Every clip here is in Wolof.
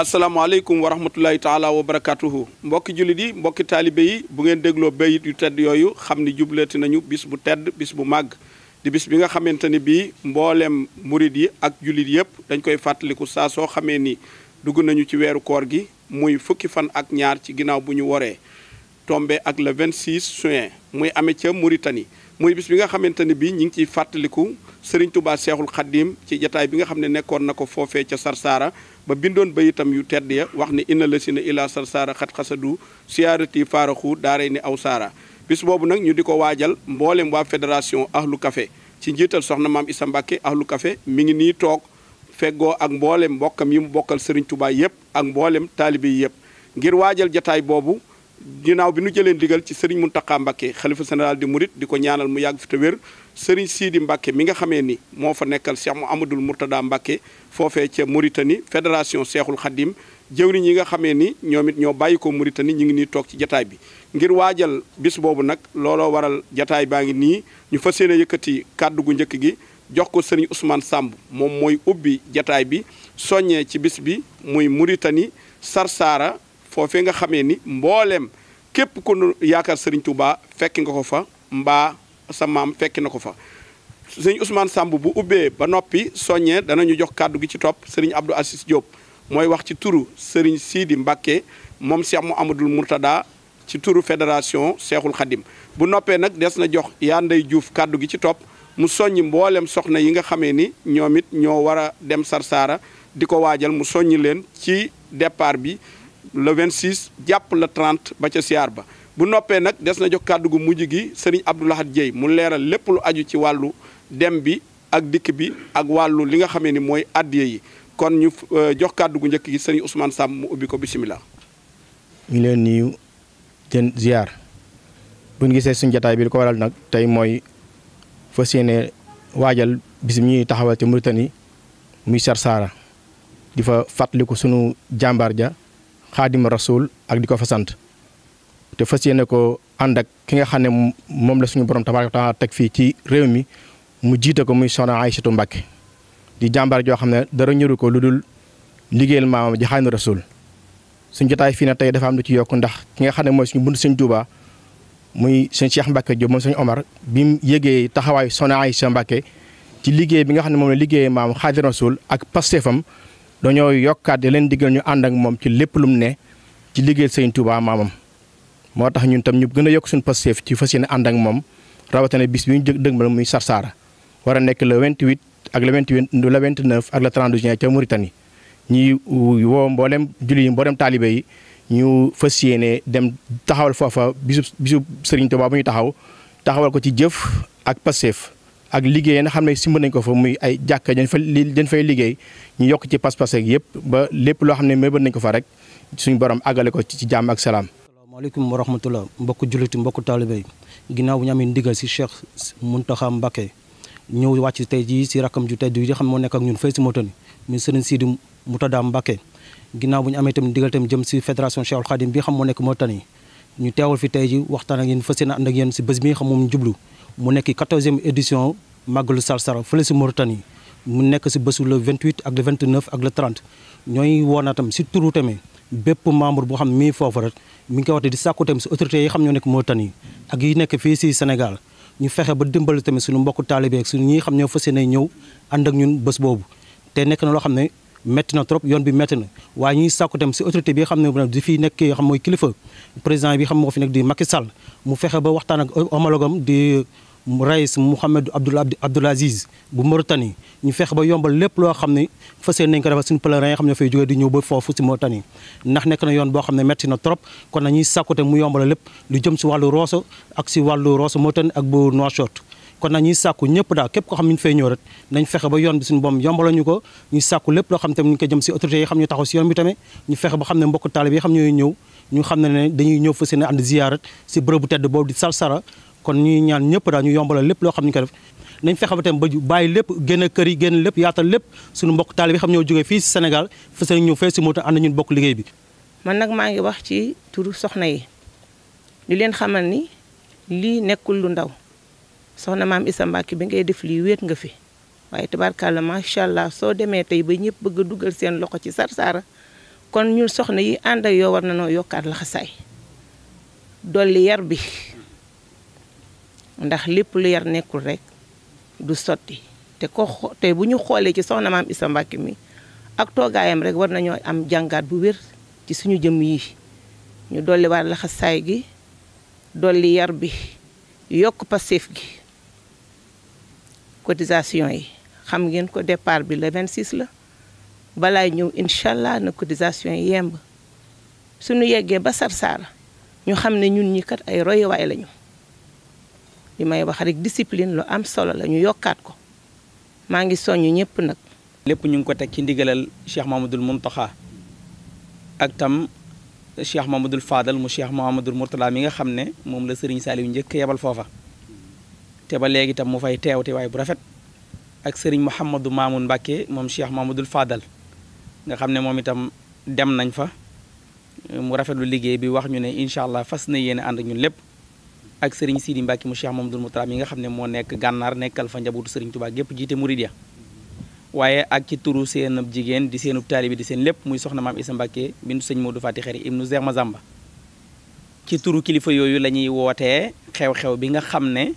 asalaamaaleykum wa rahmatulahi taala wa barakatuhu mbokki jullit yi mbokki taalibe yi bu ngeen dégloo bayit yu tedd yooyu xam ni jubleeti nañu bis bu tedd bis bu màgg di bis bi nga xamante ni bii mboolem murit yi ak jullit yëpp dañ koy fàttaliku saa soo xamee ni dugg nañu ci weeru koor gi muy fukki fan ak ñaar ci ginnaaw bu ñu waree tombe ak le 26 juin muy amee ca Mauritanie muy bis bi nga xamante ni bii ñu ngi ciy fàttaliku Serigne tubaa Seexul Xaddim ci jataay bi nga xam ne nekkoon na ko foofee ca Sarsara ba bindoon ba itam yu tedd ya wax ni inna la si na ila sar saara xat xasadu siyaarati faaraxu daaray ni aw saara bis boobu nag ñu di ko waajal mbooleem waa fédération ahlu kafe ci njiital soxna maam Issa Mbàkke ahlu kafe mi ngi nii toog fegoo ak mboolem mbokkam yi mu bokkal Serigne Touba yëpp ak mboolem taalibe yi yëpp ngir waajal jataay boobu ginnaaw bi nu jëlee ndigal ci Serigne Mountakha Mbacké xalifa général di murit di ko ñaanal mu yàgg fi te wér Serigne Sidi Mbacké mi nga xamee ni moo fa nekkal Cheikh Amadou Mourtada Mbacké foofee ca Mauritanie fédération Cheikhul Khadim jëwriñ yi nga xamee ni ñoom it ñoo bàyyi ko Mauritanie ñu ngi nii toog ci jataay bi ngir waajal bis boobu nag looloo waral jataay baa ngi nii ñu fas yéene yëkkati kàddu gu njëkk gi jox ko Serigne Ousmane sàmb moom mooy ubbi jataay bi soññee ci bis bi muy Mauritanie Sarsara foofee nga xamee ni mbooleem képp ku yaakaar Serigne Touba fekki nga ko fa mbaa sa maam fekki na ko fa sëñ Ousmane Samb bu ubbee ba noppi soññee danañu jox kàddu gi ci topp sëriñ Abdou Assis Diop mooy wax ci turu sëriñ Sidi Mbacké moom Cheikh Mouhamadoul Mourtada ci turu fédération Cheikhul Khadim bu noppee nag des na jox yaa ndey Diouf kàddu gi ci topp mu soññi mbooleem soxna yi nga xamee ni ñoom it ñoo war a dem sarsaara di ko waajal mu soññi leen ci départ bi le 26 jàpp la trent ba ca siyaar ba bu noppee nag des na jox kàddu gu mujj gi sëriñ Abdou Lahad Dieye mu leeral lépp lu aju ci wàllu dem bi ak dikk bi ak wàllu li nga xamee ni mooy addiye yi kon ñu euh, jox kàddu gu njëkk gi sëriñ Ousmane Samb mu ubbi ko bisimilah. ñu leen nuyu seen ziar bu ngi gisee suñ jotaay bi li ko waral nag tey mooy fa yéene waajal bis mi ñuy taxawal ci Mauritanie muy Sarsara di fa fàttaliku suñu jàmbaar ja xaadim rasul ak di ko fa sant te fas yéene ko ànd ak ki nga xam ne moom la suñu borom tabaaraka taala teg fii ci réew mi mu jiite ko muy soxna Aysatu Mbàkke di jàmbaar joo xam ne dara ñëru ko lu dul liggéeyal maamam ji xaadim rasul suñ jotaay fii na tey dafa am lu ci yokk ndax ki nga xam ne mooy suñu bunt sëñ Tuuba muy sëñ Cheikh Mbacke Diop moom sëñ Omar bi mu yëgee taxawaayu soxna Aïcha Mbacke ci liggéey bi nga xam ne moom la liggéey maam Xaadim Rasul ak pastefam dañoo yokkaat di leen diggal ñu ànd ak moom ci lépp lu mu ne ci liggéey sëñ Touba maamam moo tax ñun tam ñu gën a yokk suñu pastéef ci fas yéene ànd ak moom rawatina bis bi ñu jëg dëgmal muy Sarsara war a nekk le 28 ak le 28 le 29 ak le 30 juin ca Mauritanie woo mbooleem julli yi mboolem taalibe yi ñu fas yéene dem taxawal foofa bisu bisu sëriñ Touba bu ñu taxaw taxawal ko ci jëf ak pastéef ak liggéey yi xam ne simb nañ ko fa muy ay jàkka dañ dañ fay liggéey ñu yokk ci pas-pas yëpp ba lépp loo xam ne mébét nañ ko fa rek suñu borom àggale ko ci jàmm ak salaam. asalaamaaleykum wa rahmatulah mbokku jullit mbokku taalibe ginnaaw bu ñu amee ndigal si Cheikh Mountakha Mbacké ñëw wàcc tey jii si rakam ju tedd yi xam moo nekk ak ñun fay si Mauritanie muy Serigne Sidi Moutada ginnaaw bu ñu amee itam ndigal itam jëm si fédération Cheikhoul Khadim bi xam moo nekk Mauritanie ñu teewal fi tey ji waxtaan ak yéen fas yéene ànd ak yéen si bés bi nga mu nekk quatorzième édition màggalu Sarsara fële si Mauritanie mu nekk si bésu le 28 ak le 29 ak le 30 boo xam mi ngi foofu rek mi ngi koy waxte di sàkku tamit si autorités yi xam ñoo nekk Mauritanie ak yi nekk fii ñu fexe ba dimbali tamit suñu mbokku taalibe ak suñu xam ñoo fas yéene ñëw ànd ak ñun bés boobu te nekk na loo xam ne metti na trop yoon bi métti na waaye ñuy sàkku tam si autorité bi xam ne di fi nekk yoo xam mooy kilifa président bi xam moo fi nekk di Macky Sall mu fexe ba waxtaan ak omologam di Raïs Mouhamed Abdoul Aziz bu Mauritanie ñu fexe ba yombal lépp loo xam ne fas yéene nañ ko defal suñu yi xam ne fay jógee di ñëw ba foofu si Mauritanie ndax nekk na yoon boo xam ne métti na trop kon nañuy ñuy tam mu yombal lépp lu jëm si wàllu Rosso ak si wàllu Rosso Mauritanie ak bu Nouakchott kon nag ñuy sàkku ñëpp daal képp ko xam ñu fay ñëw rek nañ fexe ba yoon bi suñu boom yombala ñu ko ñuy sàkku lépp loo xam tamit ñu ko jëm si autorités yi xam ñu taxaw si yoon bi tamit ñu fexe ba xam ne mbokk taalib yi xam ñooy ñëw ñu xam ne ne dañuy ñëw fa seen ànd kon ñuy ñaan ñëpp daal ñu yombala lépp loo xam ñu ko def nañ fexe ba tamit ba bàyyi lépp génn kër yi génn lépp yaatal lépp suñu mbokk taalib yi xam ñoo jógee fii si Sénégal fa seen ñëw fee si moto ànd ñun bokk liggéey bi man nag maa ngi wax ci turu soxna yi di leen xamal ni lii nekkul lu ndaw soxna maam Issa Mbacke bi ngay def lii wéet nga fi waaye tabarkàlla macha allah soo demee tey ba ñëpp bëgg a dugal seen loxo ci Sarsara kon ñu soxna yi ànd ak yow war na noo yokkaat laxasaay dolli yar bi ndax lépp lu yar nekkul rek du sotti te ko tey bu ñu xoolee ci soxna maam isa Mbacke mi ak toogaayam rek war nañoo am jàngaat bu wér ci suñu jëm yi ñu dolli waar laxasaay gi dolli yar bi yokk pasif gi cotisation yi xam ngeen ko départ bi le 26 la balaay ñëw incha allah na cotisation yi yemb suñu yeggee ba Sarsara ñu xam ne ñun ñi kat ay royuwaay lañu li may wax rek discipline lu am solo la ñu yokkaat ko maa ngi soññ ñëpp nag. lépp ñu ngi ko teg ci ndigalal Cheikh Mamadul Muntaxa ak tam Cheikh Mamadul Fadal mu Cheikh Mamadul Mourtala mi nga xam ne moom la Serigne Saliou njëkk yebal foofa. te ba léegi tam mu fay teew teewaay bu rafet ak sëriñ Mouhamadou Mamoun Mbacke moom Cheikh Mamadou Fadal nga xam ne moom itam dem nañ fa mu rafetlu liggéey bi wax ñu ne incha allah fas na yéene ànd ñun lépp ak sëriñ Sidi Mbacke mu Cheikh Mamadou Moutara yi nga xam ne moo nekk gànnaar nekkal fa njabootu sëriñ Touba gépp jiite Mouridia waaye ak ci turu seen jigéen di seenub taalibi di seen lépp muy soxna maam Issa Mbacke bintu sëñ Modou Fati Xeri ibnu Zeex Mazamba ci turu kilifa yooyu la ñuy xew-xew bi nga xam ne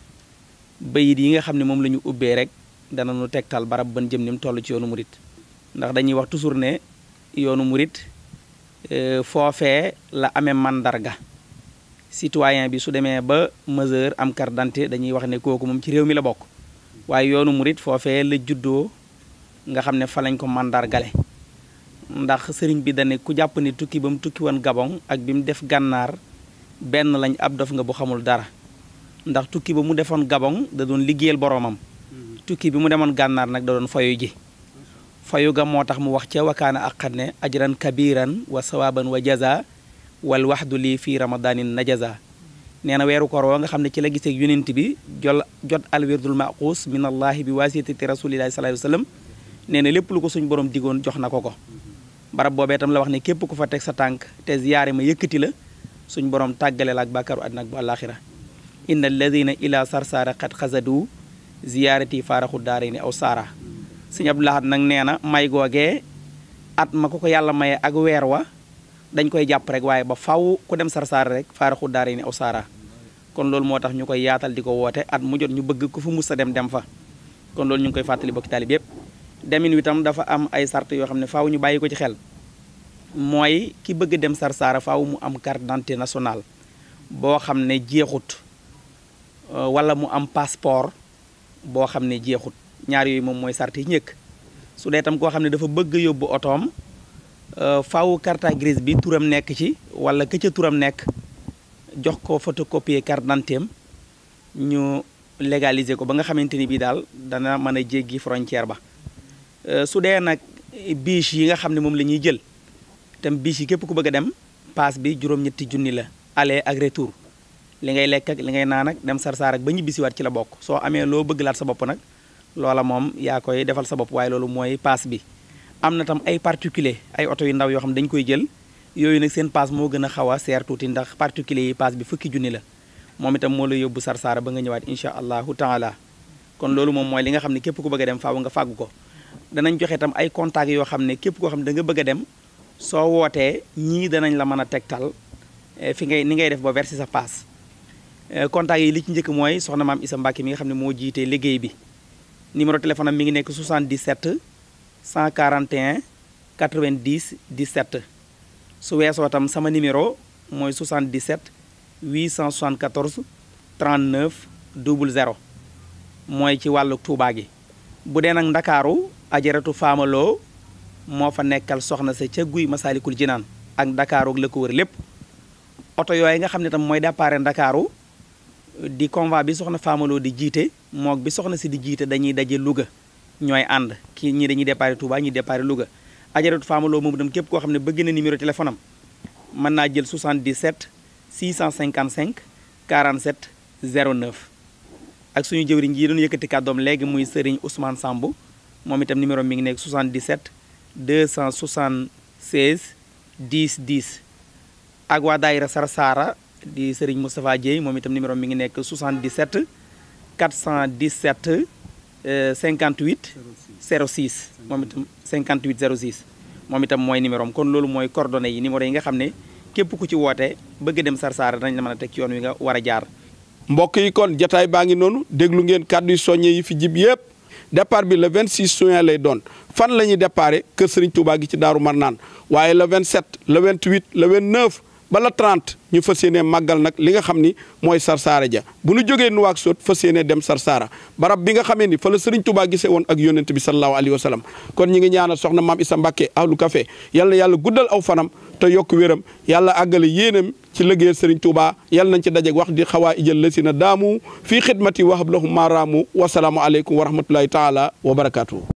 bayit yi nga xam ne moom la ñu ubbee rek dana nu tegtal barab ban jëm ni mu toll ci yoonu murit ndax dañuy wax toujours ne yoonu murit euh, foofee la amee mandarga citoyen bi su demee ba mesure am carte d'identité dañuy wax ne kooku moom ci réew mi la bokk waaye yoonu murit foofee la juddoo nga xam ne fa lañ ko mandargale ndax sëriñ bi dane ku jàpp ne tukki ba mu tukki woon Gabon ak bi mu def gànnaar benn lañ ab dof nga bu xamul dara ndax tukki ba mu defoon Gabon da doon liggéeyal boroomam mhm. tukki bi mu demoon gànnaar nag da doon fayu ji fayu ga moo tax mu wax ca wakaana aqan ne ajran kabiran wa sawaban wa jaza wal waxdu lii fii ramadanin najaza nee na weeru koor woo nga xam ne ci la gisee yonent bi jol jot alwirdul maquus min allahi bi wasitati rasulillahi sallallahu alayhi wa sallam nee na lépp lu ko suñ borom digoon jox na ko ko mhm. barab boobee itam la wax ne képp ku fa teg sa tànk te ziyaare ma yëkkati la suñ borom tàggale ak bàkkaaru àddina ak bu inna alladina ila sarsaara xat xasadu ziyaarati faaraxu daara ni aw saara sëñ Abdou Lahad nag nee na may googee at ma ko ko yàlla maye ak weer wa dañ koy jàpp rek waaye ba faw ku dem sarsaara rek faaraxu daara ni aw saara kon loolu moo tax ñu koy yaatal di ko woote at mu jot ñu bëgg ko fu mus sa dem dem fa kon loolu ñu ngi koy fàttali bokki taalib yépp demin witam dafa am ay sart yoo xam ne faw ñu bàyyi ko ci xel mooy ki bëgg dem sarsaara faw mu am carte d'identité nationale Euh, wala mu am passeport boo xam ne jeexut ñaar yooyu moom mooy sart yi ñëkk su dee tam koo xam ne dafa bëgg yóbbu otoom euh, faaw carte gris bi turam nekk ci wala ka ca turam nekk jox ko photocopier carte d'identité ñu légaliser ko ba nga xamante ni bii daal dana mën a jéggi frontière ba euh, su dee nag biche yi nga xam ne moom la ñuy jël tam biche yi képp ku bëgg a dem paas bi juróom-ñetti junni la aller ak retour li ngay lekk ak li ngay naa ak dem sarsaar ak ba ñibbisiwaat ci la bokk soo amee loo bëgg laat sa bopp nag loola moom yaa koy defal sa bopp waaye loolu mooy paas bi am na tam ay particulier ay oto yu ndaw yoo xam dañ koy jël yooyu nag seen paas moo gën a xaw a seer tuuti ndax particulier yi paas bi fukki junni la moom itam moo la yóbbu sarsaara ba nga ñëwaat incha allahu taala kon loolu moom mooy li nga xam ne képp ku bëgg dem faaw nga fàggu ko danañ joxe itam ay contact yoo xam ne képp koo xam ne da bëgg a dem soo wootee ñii danañ la mën a tegtal eh, fi ngay ni ngay def ba verser sa paas Euh, contact yi li ci njëkk mooy soxna maam Issa Mbacke mi nga xam ne moo jiite liggéey bi numéro téléphone mi ngi nekk 77 141 90 17 su weesoo tam sama numéro mooy 77 874 39 00 mooy ci wàllu Touba gi. bu dee nag ndakaaru ajaratu faamaloo moo fa nekkal soxna sa ca guy Masaalikul Jinaan ak ndakaaru ak la ko wër lépp oto yooyu nga xam ne tam mooy départ ndakaaru. di convoi bi soxna Faamaloo di jiite moog bi soxna si di jiite dañuy daje Louga ñooy ànd kii ñii dañuy déparé Touba ñii déparé Louga ajaratu Faamaloo moom dem képp koo xam ne bëgg na numéro téléphone am mën naa jël di 77 655 zero 09 ak suñu jëwriñ ji doon yëkkati kàddoom léegi muy Serigne Ousmane Samb moom itam numéro mi ngi nekk 77 276 10 10 ak waa daayira Sarsara di Serigne Moustapha Dieye moom itam numéro mi ngi nekk 77 417 58 06 moom itam 58 06 moom itam mooy numéro kon loolu mooy coordonnées yi numéro yi nga xam ne képp ku ci woote bëgg dem Sarsara dañ la mën a teg ci yoon wi nga war a jaar. mbokk yi kon jataay baa ngi noonu déglu ngeen kàddu soññe yi fi jib yëpp départ bi le 26 juin lay doon fan la ñuy déparé kër Serigne Touba gi ci Daaru Marnaan waaye le 27 le 28 le 29. bala la 30 ñu fas yéene màggal nag li nga xam ni mooy sarsaara ja bu ñu jógee Nouakchott fas yéene dem sarsaara barab bi nga xamee ni fa la Serigne Touba gisee woon ak yonent bi sallallahu alayhi wa sallam kon ñi ngi ñaana soxna maam Issa Mbacke ahlu café yal na yàlla guddal aw fanam te yokk wéram yàlla àggale yéenam ci liggéeyal Serigne Touba yal nañ ci dajeg wax di xawaa ijal la si na daamu fii xidmati wahab lahum maaraamu wasalaamu aleykum wa rahmatullahi taala wa barakaatu.